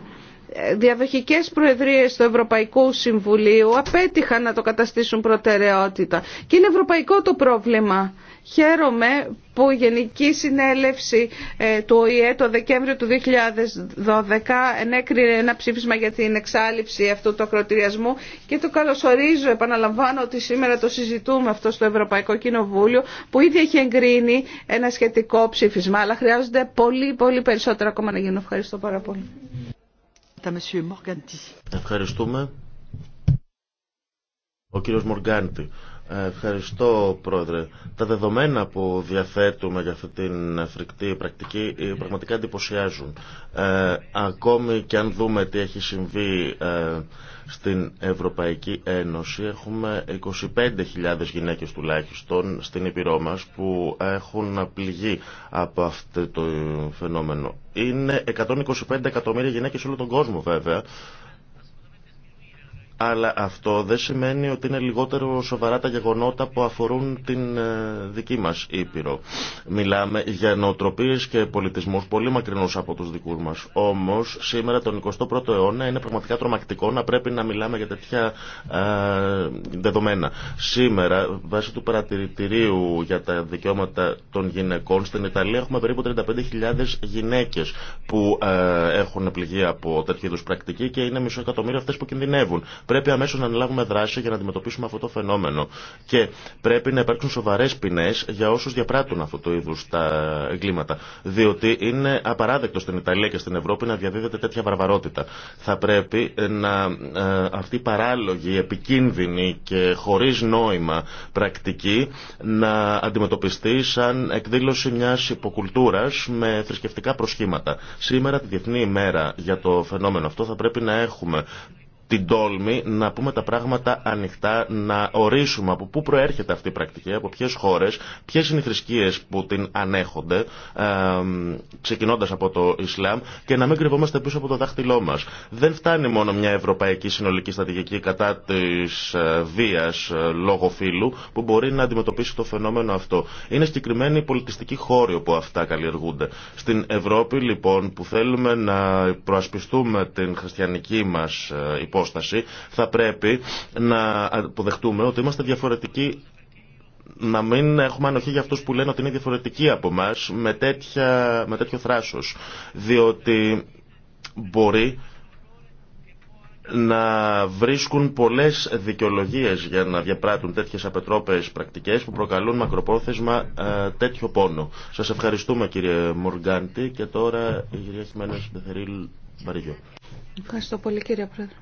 διαδοχικές προεδρίες του Ευρωπαϊκού Συμβουλίου απέτυχαν να το καταστήσουν προτεραιότητα. Και είναι ευρωπαϊκό το πρόβλημα. Χαίρομαι που η Γενική Συνέλευση ε, του ΟΗΕ το Δεκέμβριο του 2012 ενέκρινε ένα ψήφισμα για την εξάλληψη αυτού του ακροτηριασμού και το καλωσορίζω, επαναλαμβάνω ότι σήμερα το συζητούμε αυτό στο Ευρωπαϊκό Κοινοβούλιο που ήδη έχει εγκρίνει ένα σχετικό ψήφισμα αλλά χρειάζονται πολύ πολύ περισσότερα ακόμα να γίνουν. Ευχαριστώ πάρα πολύ. Ευχαριστούμε. Ο κύριος Μοργκάντη. Ε, ευχαριστώ, Πρόεδρε. Τα δεδομένα που διαθέτουμε για αυτή την φρικτή πρακτική ε, πραγματικά εντυπωσιάζουν. Ε, ακόμη και αν δούμε τι έχει συμβεί ε, στην Ευρωπαϊκή Ένωση έχουμε 25.000 γυναίκες τουλάχιστον στην Ήπειρό μας που έχουν πληγεί από αυτό το φαινόμενο. Είναι 125 εκατομμύρια γυναίκες σε όλο τον κόσμο βέβαια αλλά αυτό δεν σημαίνει ότι είναι λιγότερο σοβαρά τα γεγονότα που αφορούν την ε, δική μας Ήπειρο. Μιλάμε για νοοτροπίες και πολιτισμού πολύ μακρινούς από τους δικούς μας. Όμως σήμερα τον 21ο αιώνα είναι πραγματικά τρομακτικό να πρέπει να μιλάμε για τέτοια ε, δεδομένα. Σήμερα βάσει του παρατηρητηρίου για τα δικαιώματα των γυναικών στην Ιταλία έχουμε περίπου 35.000 γυναίκες που ε, έχουν πληγεί από τέτοιου είδους πρακτική και είναι μισό εκατομμύριο αυτές που κινδυνεύουν. Πρέπει αμέσω να αναλάβουμε δράση για να αντιμετωπίσουμε αυτό το φαινόμενο. Και πρέπει να υπάρξουν σοβαρέ ποινέ για όσου διαπράττουν αυτό το είδου τα εγκλήματα. Διότι είναι απαράδεκτο στην Ιταλία και στην Ευρώπη να διαδίδεται τέτοια βαρβαρότητα. Θα πρέπει ε, να ε, αυτή η παράλογη, επικίνδυνη και χωρί νόημα πρακτική να αντιμετωπιστεί σαν εκδήλωση μια υποκουλτούρα με θρησκευτικά προσχήματα. Σήμερα, τη Διεθνή ημέρα για το φαινόμενο αυτό, θα πρέπει να έχουμε την τόλμη να πούμε τα πράγματα ανοιχτά, να ορίσουμε από πού προέρχεται αυτή η πρακτική, από ποιες χώρες, ποιες είναι οι θρησκείες που την ανέχονται, ε, ξεκινώντας από το Ισλάμ και να μην κρυβόμαστε πίσω από το δάχτυλό μας. Δεν φτάνει μόνο μια ευρωπαϊκή συνολική στρατηγική κατά της ε, βίας ε, λόγω φύλου που μπορεί να αντιμετωπίσει το φαινόμενο αυτό. Είναι συγκεκριμένη πολιτιστική χώροι όπου αυτά καλλιεργούνται. Στην Ευρώπη λοιπόν που θέλουμε να προασπιστούμε την χριστιανική μας ε, θα πρέπει να αποδεχτούμε ότι είμαστε διαφορετικοί να μην έχουμε ανοχή για αυτούς που λένε ότι είναι διαφορετικοί από εμά με, με τέτοιο θράσος. Διότι μπορεί να βρίσκουν πολλές δικαιολογίες για να διαπράττουν τέτοιες απετρόπες πρακτικές που προκαλούν μακροπρόθεσμα ε, τέτοιο πόνο. Σας ευχαριστούμε κύριε Μοργκάντη και τώρα η κυρία Χιμένες Μπεθερίλ Μπαριγιό. Ευχαριστώ πολύ κύριε Πρόεδρε.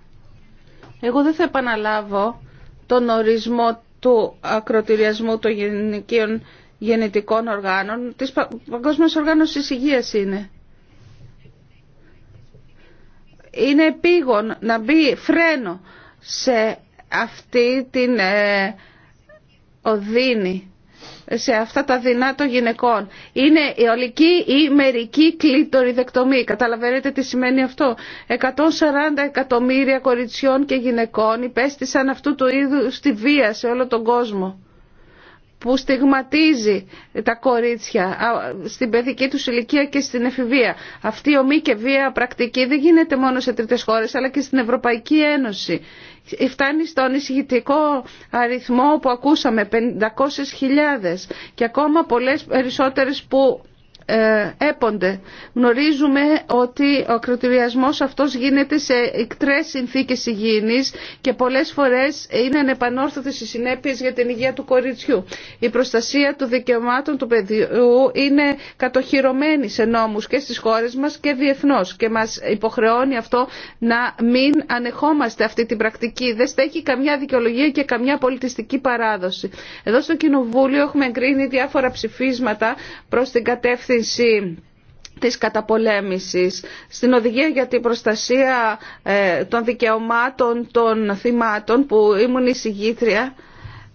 Εγώ δεν θα επαναλάβω τον ορισμό του ακροτηριασμού των γενικών γενετικών οργάνων. Της Παγκόσμιας Οργάνωσης Υγείας είναι. Είναι επίγον να μπει φρένο σε αυτή την ε, οδύνη σε αυτά τα δεινά των γυναικών. Είναι η ολική ή η μερικη κλειτοριδεκτομή. Καταλαβαίνετε τι σημαίνει αυτό. 140 εκατομμύρια κοριτσιών και γυναικών υπέστησαν αυτού του είδους τη βία σε όλο τον κόσμο που στιγματίζει τα κορίτσια στην παιδική του ηλικία και στην εφηβεία. Αυτή η ομή και βία πρακτική δεν γίνεται μόνο σε τρίτες χώρες αλλά και στην Ευρωπαϊκή Ένωση. Ε, φτάνει στον εισηγητικό αριθμό που ακούσαμε, 500.000 και ακόμα πολλές περισσότερες που ε, έπονται. Γνωρίζουμε ότι ο ακροτηριασμός αυτός γίνεται σε εκτρές συνθήκες υγιεινής και πολλές φορές είναι ανεπανόρθωτες οι συνέπειες για την υγεία του κοριτσιού. Η προστασία των δικαιωμάτων του παιδιού είναι κατοχυρωμένη σε νόμους και στις χώρες μας και διεθνώς και μας υποχρεώνει αυτό να μην ανεχόμαστε αυτή την πρακτική. Δεν στέκει καμιά δικαιολογία και καμιά πολιτιστική παράδοση. Εδώ στο Κοινοβούλιο έχουμε εγκρίνει διάφορα ψηφίσματα προς την κατεύθυνση κατεύθυνση της καταπολέμησης, στην οδηγία για την προστασία ε, των δικαιωμάτων των θυμάτων που ήμουν εισηγήτρια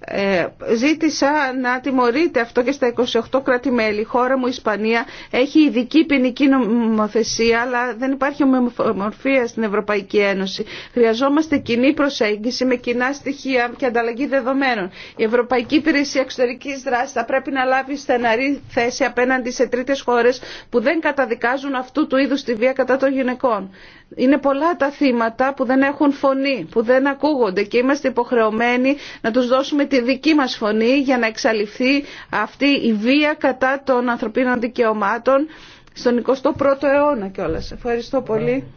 ε, ζήτησα να τιμωρείται αυτό και στα 28 κράτη-μέλη. Η χώρα μου, η Ισπανία, έχει ειδική ποινική νομοθεσία, αλλά δεν υπάρχει ομορφία στην Ευρωπαϊκή Ένωση. Χρειαζόμαστε κοινή προσέγγιση με κοινά στοιχεία και ανταλλαγή δεδομένων. Η Ευρωπαϊκή Υπηρεσία Εξωτερική Δράση θα πρέπει να λάβει στεναρή θέση απέναντι σε τρίτε χώρε που δεν καταδικάζουν αυτού του είδου τη βία κατά των γυναικών. Είναι πολλά τα θύματα που δεν έχουν φωνή, που δεν ακούγονται και είμαστε υποχρεωμένοι να τους δώσουμε τη δική μας φωνή για να εξαλειφθεί αυτή η βία κατά των ανθρωπίνων δικαιωμάτων στον 21ο αιώνα κιόλας. Ευχαριστώ πολύ.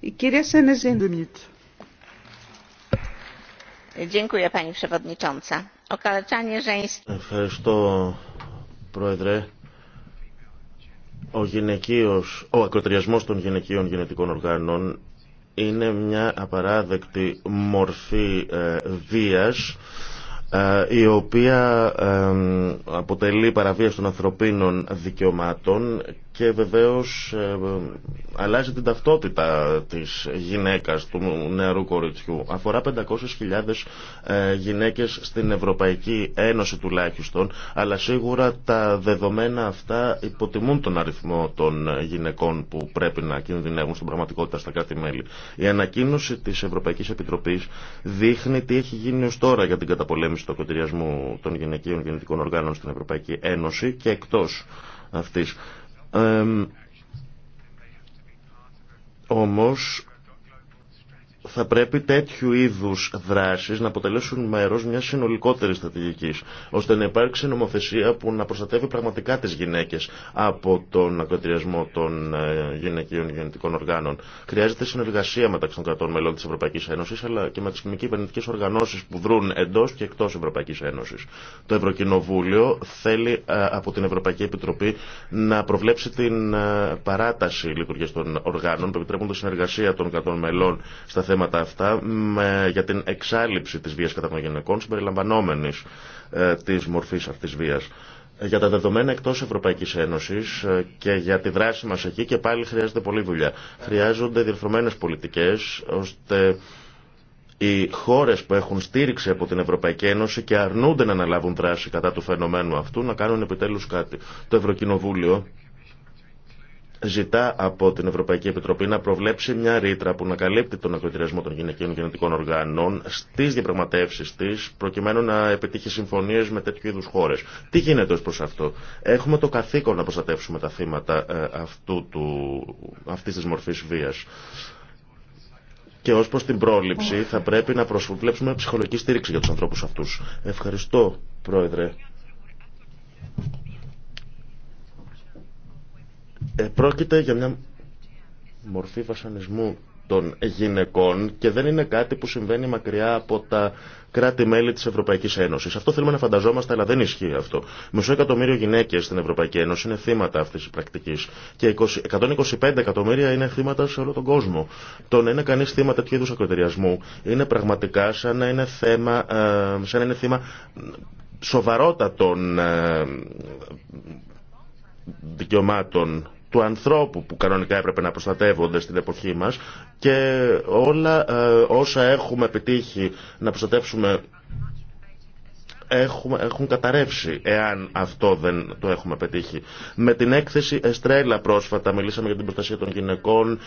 Η κυρία Σενεζίν. Ευχαριστώ, Πρόεδρε. Ο, γυναικείος, ο ακροτηριασμός των γυναικείων γενετικών οργάνων είναι μια απαράδεκτη μορφή ε, βίας ε, η οποία ε, αποτελεί παραβίαση των ανθρωπίνων δικαιωμάτων και βεβαίως ε, αλλάζει την ταυτότητα της γυναίκας του νεαρού κοριτσιού. Αφορά 500.000 ε, γυναίκες στην Ευρωπαϊκή Ένωση τουλάχιστον, αλλά σίγουρα τα δεδομένα αυτά υποτιμούν τον αριθμό των γυναικών που πρέπει να κινδυνεύουν στην πραγματικότητα στα κρατη μέλη. Η ανακοίνωση της Ευρωπαϊκής Επιτροπής δείχνει τι έχει γίνει ως τώρα για την καταπολέμηση του ακροτηριασμού των γυναικείων γεννητικών οργάνων στην Ευρωπαϊκή Ένωση και εκτός αυτής όμως θα πρέπει τέτοιου είδου δράσει να αποτελέσουν μέρο μια συνολικότερη στρατηγικής, ώστε να υπάρξει νομοθεσία που να προστατεύει πραγματικά τι γυναίκε από τον ακροτηριασμό των ε, γυναικείων γεννητικών οργάνων. Χρειάζεται συνεργασία μεταξύ των κρατών μελών τη Ευρωπαϊκή Ένωση αλλά και με τι μη κυβερνητικές οργανώσεις που δρούν εντό και εκτό Ευρωπαϊκή Ένωση. Το Ευρωκοινοβούλιο θέλει ε, από την Ευρωπαϊκή Επιτροπή να προβλέψει την ε, παράταση λειτουργία των οργάνων που τη συνεργασία των κρατών μελών θέματα αυτά με, για την εξάλληψη της βίας κατά των γυναικών συμπεριλαμβανόμενης ε, της μορφής αυτής βίας. Για τα δεδομένα εκτό Ευρωπαϊκής Ένωσης ε, και για τη δράση μα εκεί και πάλι χρειάζεται πολλή δουλειά. Χρειάζονται διορθωμένες πολιτικές ώστε οι χώρες που έχουν στήριξη από την Ευρωπαϊκή Ένωση και αρνούνται να αναλάβουν δράση κατά του φαινομένου αυτού να κάνουν επιτέλους κάτι. Το Ευρωκοινοβούλιο ζητά από την Ευρωπαϊκή Επιτροπή να προβλέψει μια ρήτρα που να καλύπτει τον ακροτηριασμό των γυναικείων γενετικών οργάνων στι διαπραγματεύσει τη, προκειμένου να επιτύχει συμφωνίε με τέτοιου είδου χώρε. Τι γίνεται ω προ αυτό. Έχουμε το καθήκον να προστατεύσουμε τα θύματα ε, αυτή τη μορφή βία. Και ω προ την πρόληψη θα πρέπει να προσβλέψουμε ψυχολογική στήριξη για του ανθρώπου αυτού. Ευχαριστώ, Πρόεδρε. Ε, πρόκειται για μια μορφή βασανισμού των γυναικών και δεν είναι κάτι που συμβαίνει μακριά από τα κράτη-μέλη της Ευρωπαϊκής Ένωσης. Αυτό θέλουμε να φανταζόμαστε, αλλά δεν ισχύει αυτό. Μισό εκατομμύριο γυναίκες στην Ευρωπαϊκή Ένωση είναι θύματα αυτής της πρακτικής και 125 εκατομμύρια είναι θύματα σε όλο τον κόσμο. Το να είναι κανεί θύμα τέτοιου είδους ακροτηριασμού είναι πραγματικά σαν να είναι, θέμα, ε, σαν να είναι θύμα σοβαρότατων ε, δικαιωμάτων του ανθρώπου που κανονικά έπρεπε να προστατεύονται στην εποχή μας και όλα ε, όσα έχουμε επιτύχει να προστατεύσουμε έχουμε, έχουν καταρρεύσει εάν αυτό δεν το έχουμε πετύχει. Με την έκθεση Εστρέλα πρόσφατα μιλήσαμε για την προστασία των γυναικών.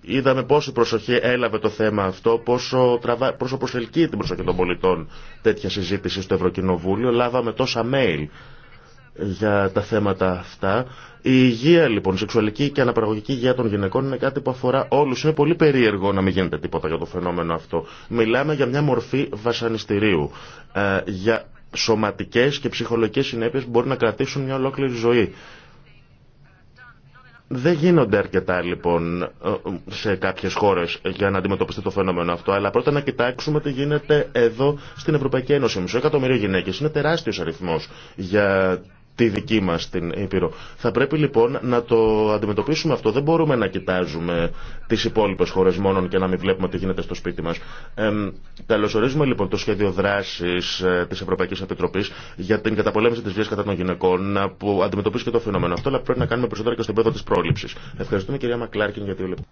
είδαμε πόση προσοχή έλαβε το θέμα αυτό, πόσο, τραβά, πόσο προσελκύει την προσοχή των πολιτών τέτοια συζήτηση στο Ευρωκοινοβούλιο. Λάβαμε τόσα mail για τα θέματα αυτά. Η υγεία λοιπόν, η σεξουαλική και αναπαραγωγική υγεία των γυναικών είναι κάτι που αφορά όλους. Είναι πολύ περίεργο να μην γίνεται τίποτα για το φαινόμενο αυτό. Μιλάμε για μια μορφή βασανιστηρίου, ε, για σωματικές και ψυχολογικές συνέπειες που μπορεί να κρατήσουν μια ολόκληρη ζωή. Δεν γίνονται αρκετά λοιπόν ε, σε κάποιες χώρες για να αντιμετωπιστεί το φαινόμενο αυτό, αλλά πρώτα να κοιτάξουμε τι γίνεται εδώ στην Ευρωπαϊκή Ένωση. Μισό εκατομμύριο γυναίκες είναι τεράστιος αριθμός για τη δική μας την Ήπειρο. Θα πρέπει λοιπόν να το αντιμετωπίσουμε αυτό. Δεν μπορούμε να κοιτάζουμε τις υπόλοιπες χώρες μόνο και να μην βλέπουμε τι γίνεται στο σπίτι μας. Ε, καλωσορίζουμε λοιπόν το σχέδιο δράσης ε, της Ευρωπαϊκής Επιτροπής για την καταπολέμηση της βίας κατά των γυναικών που αντιμετωπίζει και το φαινόμενο αυτό, αλλά πρέπει να κάνουμε περισσότερο και στον πέδο της πρόληψης. Ευχαριστούμε κυρία Μακλάρκιν για δύο λεπτά.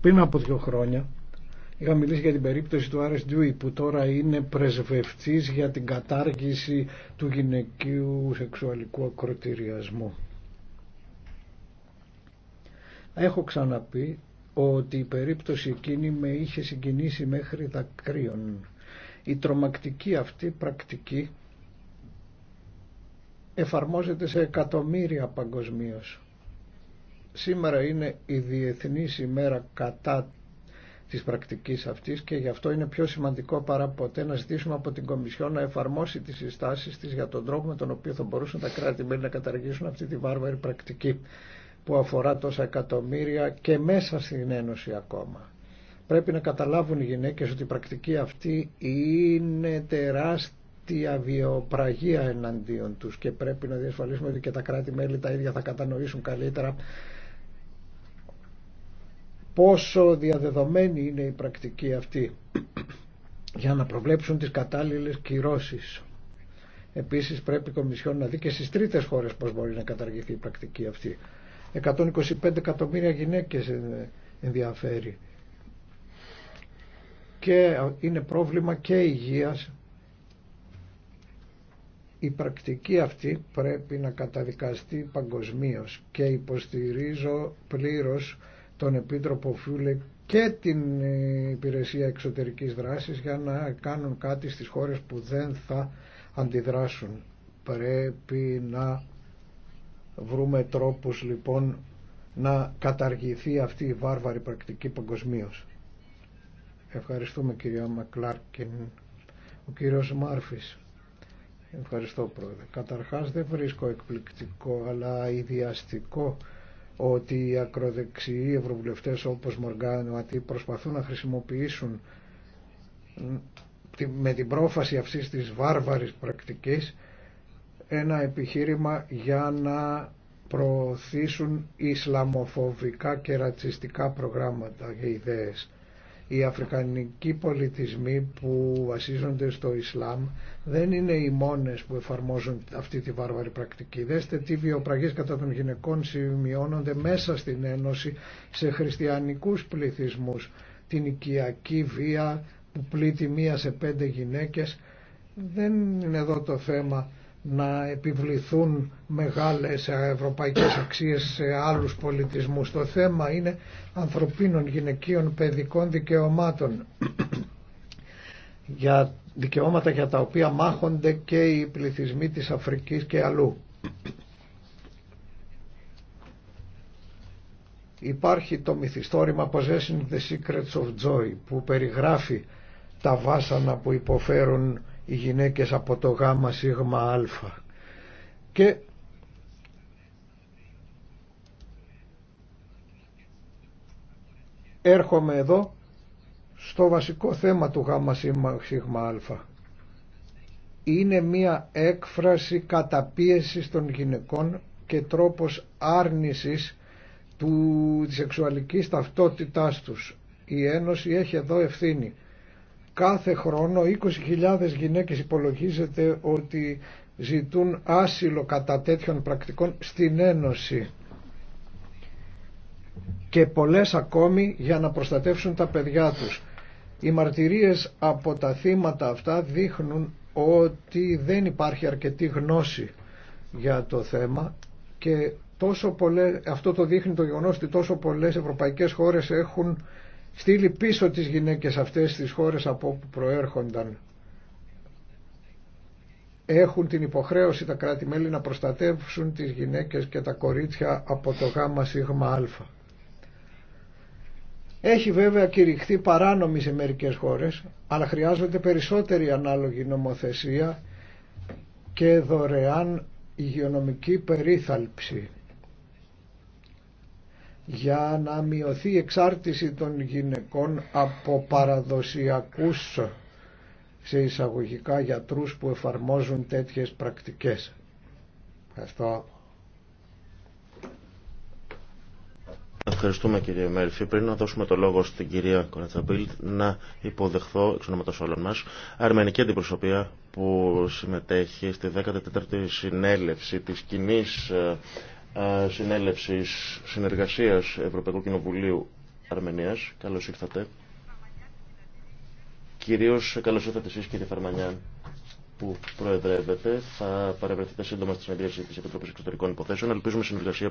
Πριν από δύο χρόνια Είχα μιλήσει για την περίπτωση του Άρες Ντιούι που τώρα είναι πρεσβευτής για την κατάργηση του γυναικείου σεξουαλικού ακροτηριασμού. Έχω ξαναπεί ότι η περίπτωση εκείνη με είχε συγκινήσει μέχρι δακρύων. Η τρομακτική αυτή πρακτική εφαρμόζεται σε εκατομμύρια παγκοσμίως. Σήμερα είναι η Διεθνής ημέρα κατά της πρακτικής αυτής και γι' αυτό είναι πιο σημαντικό παρά ποτέ να ζητήσουμε από την Κομισιό να εφαρμόσει τις συστάσεις της για τον τρόπο με τον οποίο θα μπορούσαν τα κράτη-μέλη να καταργήσουν αυτή τη βάρβαρη πρακτική που αφορά τόσα εκατομμύρια και μέσα στην Ένωση ακόμα. Πρέπει να καταλάβουν οι γυναίκες ότι η πρακτική αυτή είναι τεράστια βιοπραγία εναντίον τους και πρέπει να διασφαλίσουμε ότι και τα κράτη-μέλη τα ίδια θα κατανοήσουν καλύτερα πόσο διαδεδομένη είναι η πρακτική αυτή για να προβλέψουν τις κατάλληλες κυρώσεις. Επίσης πρέπει η Κομισιόν να δει και στις τρίτες χώρες πώς μπορεί να καταργηθεί η πρακτική αυτή. 125 εκατομμύρια γυναίκες ενδιαφέρει. Και είναι πρόβλημα και υγείας. Η πρακτική αυτή πρέπει να καταδικαστεί παγκοσμίως και υποστηρίζω πλήρως τον Επίτροπο Φιούλε και την ε, Υπηρεσία Εξωτερικής Δράσης για να κάνουν κάτι στις χώρες που δεν θα αντιδράσουν. Πρέπει να βρούμε τρόπους λοιπόν να καταργηθεί αυτή η βάρβαρη πρακτική παγκοσμίω. Ευχαριστούμε κυρία Μακλάρκιν. Ο κύριος Μάρφης. Ευχαριστώ πρόεδρε. Καταρχάς δεν βρίσκω εκπληκτικό αλλά ιδιαστικό ότι οι ακροδεξιοί ευρωβουλευτές όπως Μοργάνο προσπαθούν να χρησιμοποιήσουν με την πρόφαση αυτής της βάρβαρης πρακτικής ένα επιχείρημα για να προωθήσουν ισλαμοφοβικά και ρατσιστικά προγράμματα και ιδέες οι αφρικανικοί πολιτισμοί που βασίζονται στο Ισλάμ δεν είναι οι μόνες που εφαρμόζουν αυτή τη βάρβαρη πρακτική. Δέστε τι βιοπραγίες κατά των γυναικών σημειώνονται μέσα στην Ένωση σε χριστιανικούς πληθυσμούς. Την οικιακή βία που πλήττει μία σε πέντε γυναίκες. Δεν είναι εδώ το θέμα να επιβληθούν μεγάλες ευρωπαϊκές αξίες σε άλλους πολιτισμούς. Το θέμα είναι ανθρωπίνων, γυναικείων, παιδικών δικαιωμάτων για δικαιώματα για τα οποία μάχονται και οι πληθυσμοί της Αφρικής και αλλού. Υπάρχει το μυθιστόρημα Possessing the Secrets of Joy που περιγράφει τα βάσανα που υποφέρουν οι γυναίκες από το γάμα σίγμα άλφα. και έρχομαι εδώ στο βασικό θέμα του γάμα σίγμα άλφα. είναι μία έκφραση καταπίεσης των γυναικών και τρόπος άρνησης του, της σεξουαλικής ταυτότητάς τους. Η Ένωση έχει εδώ ευθύνη. Κάθε χρόνο 20.000 γυναίκες υπολογίζεται ότι ζητούν άσυλο κατά τέτοιων πρακτικών στην Ένωση και πολλές ακόμη για να προστατεύσουν τα παιδιά τους. Οι μαρτυρίες από τα θύματα αυτά δείχνουν ότι δεν υπάρχει αρκετή γνώση για το θέμα και τόσο πολλές, αυτό το δείχνει το γεγονός ότι τόσο πολλές ευρωπαϊκές χώρες έχουν στείλει πίσω τις γυναίκες αυτές στις χώρες από όπου προέρχονταν. Έχουν την υποχρέωση τα κράτη-μέλη να προστατεύσουν τις γυναίκες και τα κορίτσια από το γάμα σίγμα α. Έχει βέβαια κηρυχθεί παράνομη σε μερικές χώρες, αλλά χρειάζονται περισσότερη ανάλογη νομοθεσία και δωρεάν υγειονομική περίθαλψη για να μειωθεί η εξάρτηση των γυναικών από παραδοσιακούς σε εισαγωγικά γιατρούς που εφαρμόζουν τέτοιες πρακτικές. Ευχαριστώ. Ευχαριστούμε κύριε Μέρφυ. Πριν να δώσουμε το λόγο στην κυρία Κορατσαμπίλτ να υποδεχθώ εξ ονόματος όλων μας αρμενική αντιπροσωπεία που συμμετέχει στη 14η συνέλευση της κοινή ε, Συνέλευσης Συνεργασίας Ευρωπαϊκού Κοινοβουλίου Αρμενίας. Καλώς ήρθατε. Κυρίως καλώς ήρθατε εσείς κύριε Φαρμανιά που προεδρεύετε. Θα παρευρεθείτε σύντομα στη συνεδρίαση της Επιτροπής Εξωτερικών Υποθέσεων. Ελπίζουμε συνεργασία